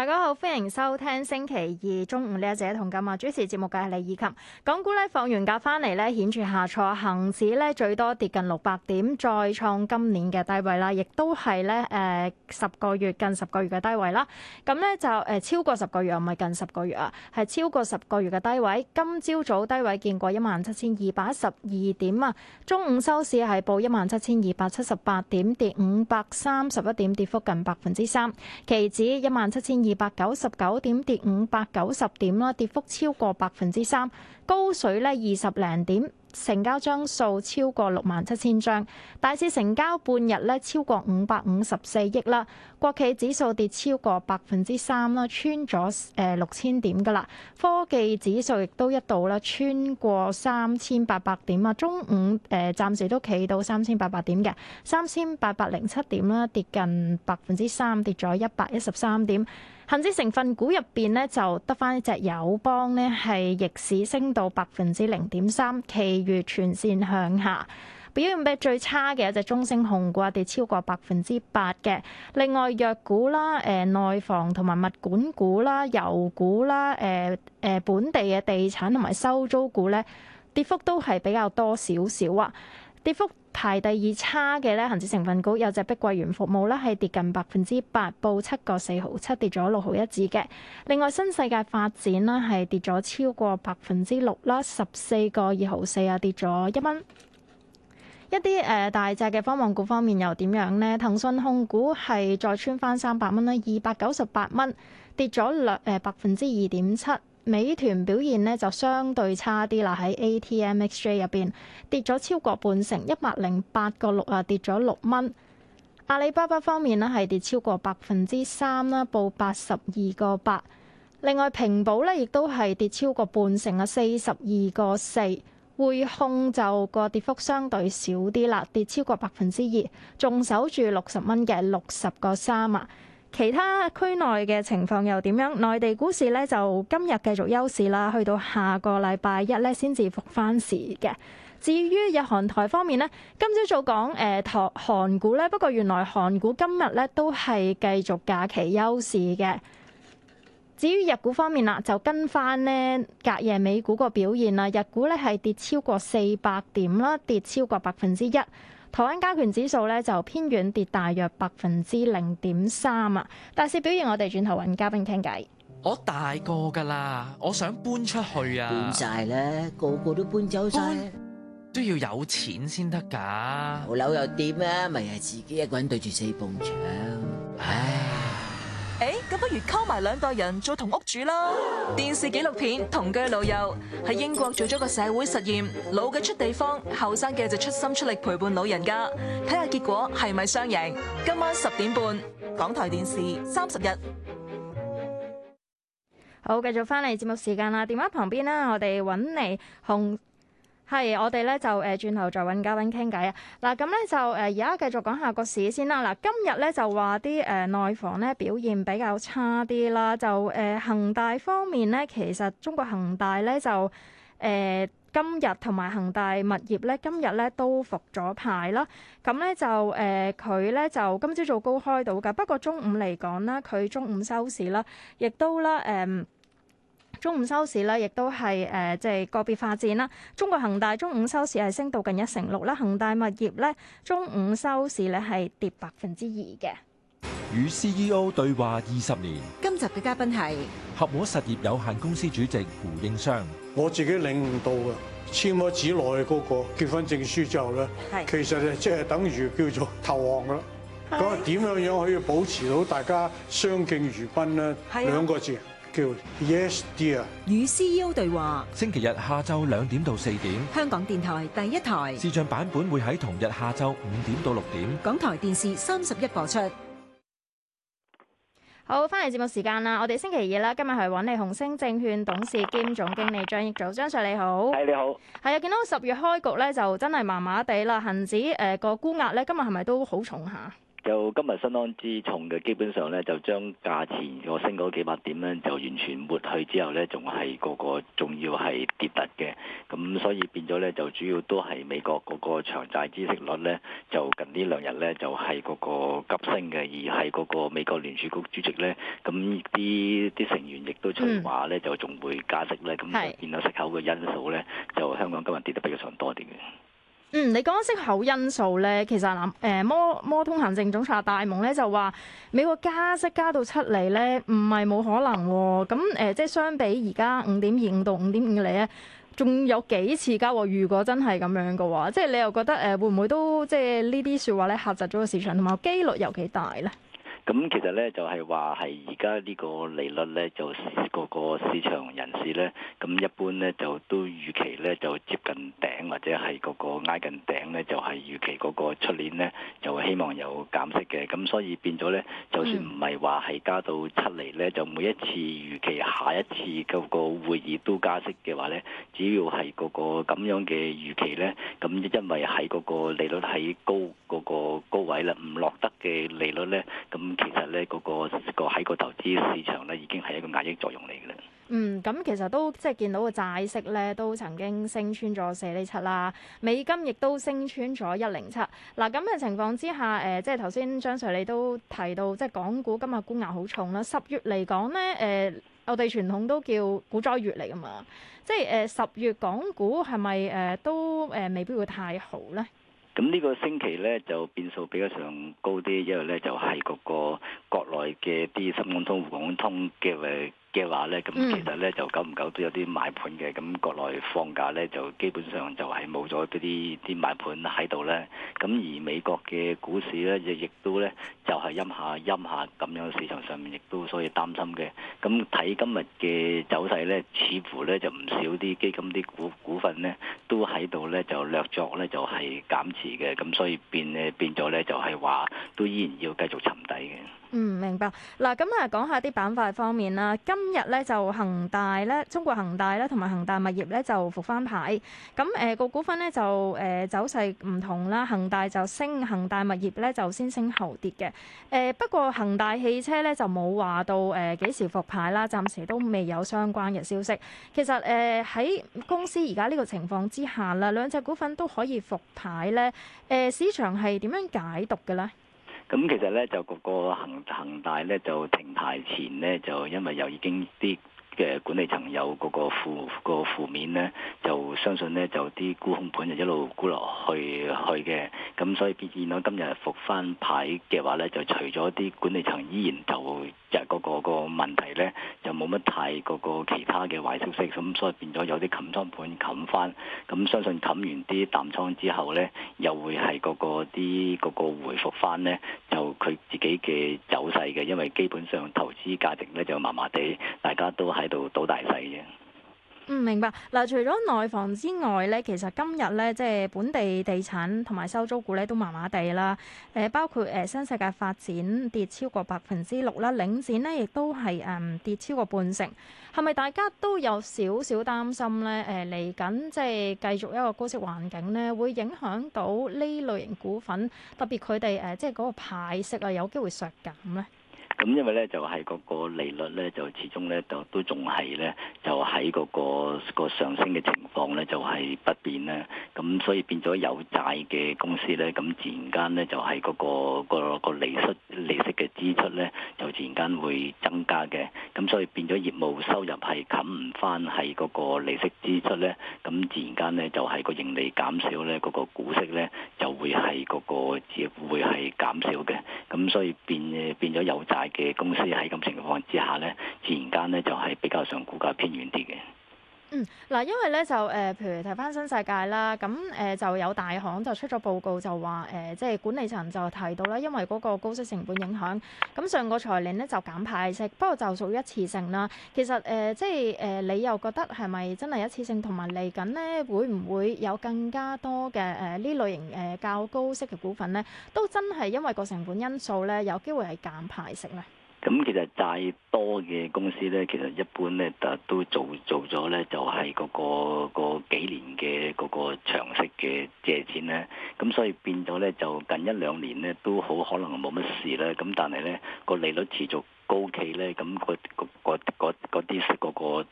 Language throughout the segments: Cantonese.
大家好，歡迎收聽星期二中午呢一節《同金》啊！主持節目嘅係李以琴。港股呢放完假翻嚟呢，顯著下挫，恒指呢最多跌近六百點，再創今年嘅低位啦，亦都係呢誒十個月近十個月嘅低位啦。咁呢就誒超過十個月，唔係近十個月啊，係、呃、超過十個月嘅低位。今朝早低位見過一萬七千二百一十二點啊，中午收市係報一萬七千二百七十八點，跌五百三十一點，跌幅近百分之三。期指一萬七千二。二百九十九點，跌五百九十點啦，跌幅超過百分之三。高水呢，二十零點，成交張數超過六萬七千張。大市成交半日呢，超過五百五十四億啦。國企指數跌超過百分之三啦，穿咗誒六千點噶啦。科技指數亦都一度啦，穿過三千八百點啊，中午誒、呃，暫時都企到三千八百點嘅三千八百零七點啦，跌近百分之三，跌咗一百一十三點。恆指成分股入邊咧，就得返一隻友邦咧，係逆市升到百分之零點三，其餘全線向下。表現比最差嘅一隻中升控股跌超過百分之八嘅。另外藥股啦，誒、呃、內房同埋物管股啦、油股啦、誒、呃、誒、呃、本地嘅地產同埋收租股咧，跌幅都係比較多少少啊，跌幅。排第二差嘅咧，恆指成分股有隻碧桂園服務咧，係跌近百分之八，報七個四毫七，跌咗六毫一子嘅。另外新世界發展咧係跌咗超過百分之六啦，十四個二毫四啊，跌咗一蚊。一啲誒、呃、大隻嘅科網股方面又點樣呢？騰訊控股係再穿返三百蚊啦，二百九十八蚊，跌咗兩誒百分之二點七。呃美團表現咧就相對差啲啦，喺 ATMXJ 入邊跌咗超過半成，一百零八個六啊，跌咗六蚊。阿里巴巴方面呢係跌超過百分之三啦，報八十二個八。另外平保咧亦都係跌超過半成啊，四十二個四。匯控就個跌幅相對少啲啦，跌超過百分之二，仲守住六十蚊嘅六十個三啊。其他區內嘅情況又點樣？內地股市咧就今日繼續休市啦，去到下個禮拜一咧先至復翻市嘅。至於日韓台方面呢，今朝早講誒、呃、韓股咧，不過原來韓股今日咧都係繼續假期休市嘅。至於日股方面啦，就跟翻呢隔夜美股個表現啦，日股咧係跌超過四百點啦，跌超過百分之一。台灣加權指數咧就偏軟，跌大約百分之零點三啊，大市表現，我哋轉頭揾嘉賓傾偈。我大個噶啦，我想搬出去啊！搬晒啦，個個都搬走晒。都要有錢先得噶。冇樓、嗯、又點啊？咪係自己一個人對住四埲牆。唉。誒，咁不如溝埋兩代人做同屋主啦！電視紀錄片《同居老友》喺英國做咗個社會實驗，老嘅出地方，後生嘅就出心出力陪伴老人家，睇下結果係咪雙贏。今晚十點半，港台電視三十日，好，繼續翻嚟節目時間啦！電話旁邊啦，我哋揾你，紅。係，我哋咧就誒轉頭再揾嘉賓傾偈啊！嗱，咁咧就誒而家繼續講下個市先啦。嗱，今日咧就話啲誒內房咧表現比較差啲啦。就誒恒大方面咧，其實中國恒大咧就誒、呃、今日同埋恒大物業咧，今日咧都復咗牌啦。咁咧就誒佢咧就今朝早高開到㗎，不過中午嚟講啦，佢中午收市啦，亦都啦誒。呃中午收市咧，亦都係誒即係個別發展啦。中國恒大中午收市係升到近一成六啦。恒大物業咧，中午收市咧係跌百分之二嘅。與 CEO 對話二十年，今集嘅嘉賓係合和實業有限公司主席胡應湘。我自己領悟到嘅，簽咗紙內嗰個結婚證書之後咧，係是其實就即係等於叫做投降啦。咁啊點樣樣可以保持到大家相敬如賓咧？係啊，兩個字。叫 y 與 CEO 對話。星期日下晝兩點到四點。香港電台第一台。視像版本會喺同日下晝五點到六點。港台電視三十一播出。好，翻嚟節目時間啦！我哋星期二啦，今日係揾利紅星證券董事兼總經理張益祖張 Sir 你好。係、hey, 你好。係啊，見到十月開局咧，就真係麻麻地啦。恒指誒個沽壓咧，今日係咪都好重下？就今日新安之重嘅，基本上咧就將價錢個升嗰幾百點咧，就完全抹去之後咧，仲係個個仲要係跌突嘅，咁所以變咗咧就主要都係美國嗰個長債孳息率咧，就近呢兩日咧就係、是、個個急升嘅，而係嗰個美國聯儲局主席咧，咁啲啲成員亦都從話咧、mm. 就仲會加息咧，咁就變到息口嘅因素咧，就香港今日跌得比較上多啲嘅。嗯，你講息口因素咧，其實南誒摩摩通行政總裁大蒙咧就話美國加息加到七厘咧，唔係冇可能喎。咁誒、呃，即係相比而家五點二五到五點五厘咧，仲有幾次加喎？如果真係咁樣嘅話，即係你又覺得誒、呃、會唔會都即係呢啲説話咧，嚇窒咗個市場，同埋機率有幾大咧？咁其實咧就係話係而家呢個利率咧就個個市場人士咧，咁一般咧就都預期咧就接近頂或者係嗰個挨近頂咧，就係預期嗰個出年咧就希望有減息嘅。咁所以變咗咧，就算唔係話係加到七厘咧，就每一次預期下一次個個會議都加息嘅話咧，只要係嗰個咁樣嘅預期咧，咁因為喺嗰個利率喺高嗰個高位啦，唔落得嘅利率咧，咁其實咧，嗰個喺個投資市場咧，已經係一個壓抑作用嚟嘅啦。嗯，咁其實都即係、就是、見到個債息咧，都曾經升穿咗四厘七啦，美金亦都升穿咗一零七。嗱、啊，咁嘅情況之下，誒、呃，即係頭先張 Sir 你都提到，即、就、係、是、港股今日沽壓好重啦。十月嚟講咧，誒、呃，我哋傳統都叫股災月嚟㗎嘛，即係誒十月港股係咪誒都誒未必會太好咧？咁呢個星期咧就變數比較上高啲，因為咧就係、是、嗰個國內嘅啲深港通、滬港通嘅嘅話咧，咁其實咧就久唔久都有啲買盤嘅，咁國內放假咧就基本上就係冇咗啲啲啲買盤喺度咧，咁而美國嘅股市咧亦亦都咧就係陰下陰下咁樣，市場上面亦都所以擔心嘅，咁睇今日嘅走勢咧，似乎咧就唔少啲基金啲股股份咧都喺度咧就略作咧就係減持嘅，咁所以變誒變咗咧就係話都依然要繼續沉底嘅。嗯，明白嗱。咁啊，講下啲板塊方面啦。今日咧就恒大咧，中國恒大咧同埋恒大物業咧就復翻牌。咁誒個股份咧就誒走勢唔同啦。恒大就升，恒大物業咧就先升後跌嘅。誒不過恒大汽車咧就冇話到誒幾時復牌啦，暫時都未有相關嘅消息。其實誒喺公司而家呢個情況之下啦，兩隻股份都可以復牌咧。誒市場係點樣解讀嘅咧？咁其實咧，就嗰個恒恒大咧，就停牌前咧，就因為又已經啲嘅管理層有嗰個負個負面呢，就相信呢，就啲沽空盤就一路沽落去去嘅，咁所以變見到今日復翻牌嘅話呢，就除咗啲管理層依然就有嗰個個問題呢，就冇乜太嗰個其他嘅壞消息，咁所以變咗有啲冚倉盤冚翻，咁相信冚完啲淡倉之後呢，又會係嗰個啲嗰個回覆翻呢，就佢自己嘅走勢嘅，因為基本上投資價值呢，就麻麻地，大家都係。到到大細嘅。嗯，明白。嗱，除咗內房之外咧，其實今日咧，即係本地地產同埋收租股咧，都麻麻地啦。誒，包括誒新世界發展跌超過百分之六啦，領展咧亦都係誒跌超過半成。係咪大家都有少少擔心咧？誒，嚟緊即係繼續一個高息環境咧，會影響到呢類型股份，特別佢哋誒即係嗰個派息啊，有機會削減咧？咁因為咧，就係嗰個利率咧，就始終咧，就都仲係咧，就喺嗰個上升嘅情況咧，就係不變咧。咁所以變咗有債嘅公司咧，咁自然間咧，就係嗰個個個利息利息嘅支出咧，就自然間會增加嘅。咁所以變咗業務收入係冚唔翻，係嗰個利息支出咧，咁自然間咧就係個盈利減少咧，嗰個股息咧就會係嗰個亦會係減少嘅。咁所以變變咗有債嘅公司喺咁情況之下咧，自然間咧就係比較上股價偏遠啲嘅。嗯，嗱，因為咧就誒，譬、呃、如睇翻新世界啦，咁誒、呃、就有大行就出咗報告就話誒，即、呃、係、就是、管理層就提到啦，因為嗰個高息成本影響，咁上個財年咧就減派息，不過就屬於一次性啦。其實誒，即係誒，你又覺得係咪真係一次性，同埋嚟緊咧會唔會有更加多嘅誒呢類型誒較高息嘅股份咧，都真係因為個成本因素咧，有機會係減派息咧？咁其實債多嘅公司咧，其實一般咧，都做做咗咧，就係嗰個個幾年嘅嗰個長息嘅借錢咧。咁所以變咗咧，就近一兩年咧都好可能冇乜事啦。咁但係咧，個利率持續高企咧，咁嗰啲嗰個啲、嗰個嗰個、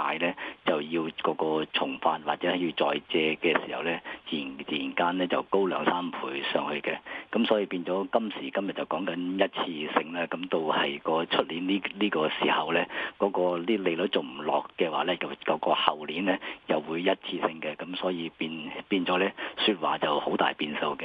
債咧，就要嗰個重返，或者要再借嘅時候咧，自然自然間咧就高兩三倍上去嘅。咁所以變咗今時今日就講緊一次性啦。咁到係、嗰個出年呢呢個時候咧，嗰、嗰個啲利率仲唔落嘅話咧，就、嗰個個後年咧又會一次性嘅。咁所以變變咗咧，說話就好大變數嘅。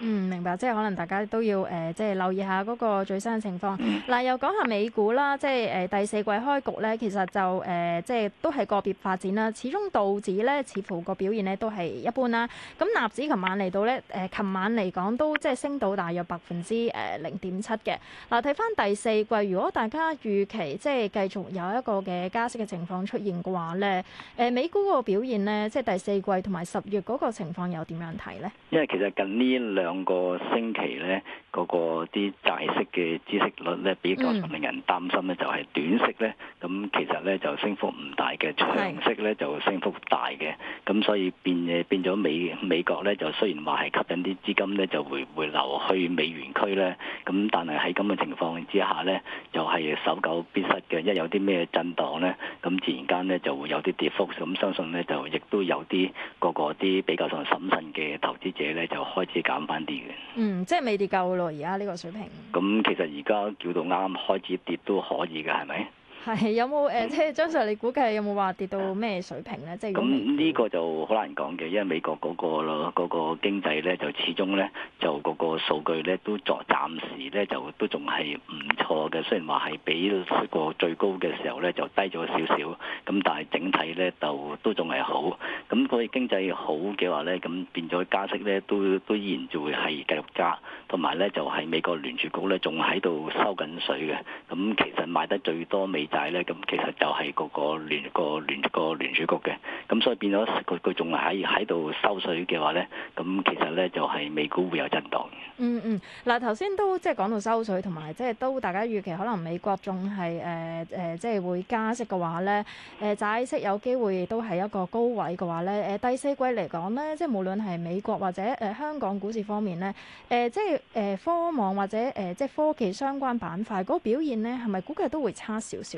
嗯，明白，即係可能大家都要誒、呃，即係留意下嗰個最新嘅情況。嗱、呃，又講下美股啦，即係誒第四季開局咧，其實就誒、呃、即係都係個別發展啦。始終道指咧，似乎個表現咧都係一般啦。咁納指琴晚嚟到咧，誒、呃、琴晚嚟講都即係升到大約百分之誒零點七嘅。嗱、呃，睇返第四季，如果大家預期即係繼續有一個嘅加息嘅情況出現嘅話咧，誒、呃、美股個表現咧，即係第四季同埋十月嗰個情況又點樣睇咧？因為其實近年兩兩個星期咧，嗰個啲債息嘅孳息率咧比較令人擔心咧，就係短息咧，咁其實咧就升幅唔大嘅，長息咧就升幅大嘅，咁所以變嘅變咗美美國咧就雖然話係吸引啲資金咧就會回流去美元區咧，咁但係喺咁嘅情況之下咧，就係守久必失嘅，一有啲咩震盪咧，咁自然間咧就會有啲跌幅，咁相信咧就亦都有啲個個啲比較上審慎嘅投資者咧就開始減翻。嗯，即係未跌夠咯，而家呢個水平。咁、嗯、其實而家叫到啱開始跌都可以噶，係咪？係有冇誒？即、呃、係張 Sir，你估計有冇話跌到咩水平咧？即係，咁呢個就好難講嘅，因為美國嗰、嗰個咯，嗰、嗰個經濟咧就始終咧就嗰個數據咧都作暫時咧就都仲係唔錯嘅。雖然話係比出最高嘅時候咧就低咗少少，咁但係整體咧就都仲係好。咁所以經濟好嘅話咧，咁變咗加息咧都都依然就會係繼續加，同埋咧就係、係、美國聯儲局咧仲喺度收緊水嘅。咁其實賣得最多美債咧，咁其實就係個個聯個聯個聯儲局嘅，咁所以變咗佢仲係喺度收水嘅話咧，咁其實咧就係美股會有震盪嘅。嗯嗯，嗱頭先都即係講到收水，同埋即係都大家預期可能美國仲係誒誒，即係會加息嘅話咧，誒債息有機會都係一個高位嘅話咧，誒第四季嚟講咧，即係無論係美國或者誒香港股市方面咧，誒即係誒科網或者誒即係科技相關板塊嗰個表現咧，係咪估計都會差少少？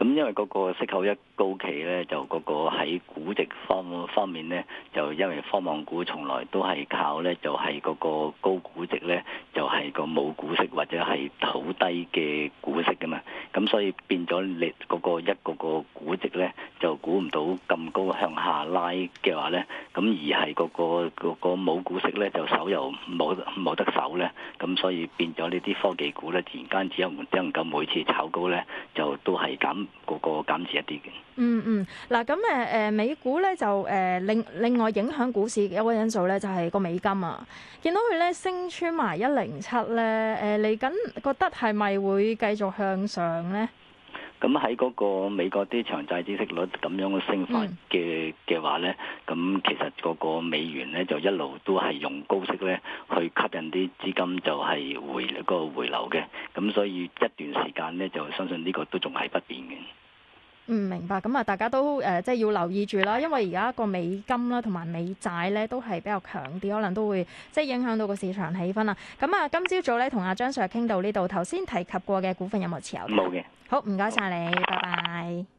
咁因為嗰個息口一高企咧，就嗰個喺估值方方面咧，就因為科網股從來都係靠咧，就係、是、嗰個高估值咧，就係、是、個冇股息或者係好低嘅股息噶嘛。咁所以變咗你嗰個一個個估值咧，就估唔到咁高向下拉嘅話咧，咁而係嗰、那個嗰、那個冇股息咧，就手又冇冇得手咧。咁所以變咗呢啲科技股咧，自然間只有能夠每次炒高咧，就都係咁。個個監視一啲嘅。嗯嗯，嗱咁誒誒，美股咧就誒另，呃、另外影響股市嘅一個因素咧，就係、是、個美金啊。見到佢咧升穿埋一零七咧，誒嚟緊覺得係咪會繼續向上咧？咁喺嗰個美國啲長債孳息率咁樣嘅升法嘅嘅話咧，咁、嗯、其實嗰個美元咧就一路都係用高息咧去吸引啲資金，就係回嗰回流嘅。咁所以一段時間咧，就相信呢個都仲係不變嘅。唔、嗯、明白。咁啊，大家都誒即係要留意住啦，因為而家個美金啦同埋美債咧都係比較強啲，可能都會即係、就是、影響到個市場氣氛啦。咁啊，今朝早咧同阿張 Sir 傾到呢度，頭先提及過嘅股份有冇持有？冇嘅。好，唔該晒你，拜拜。拜拜。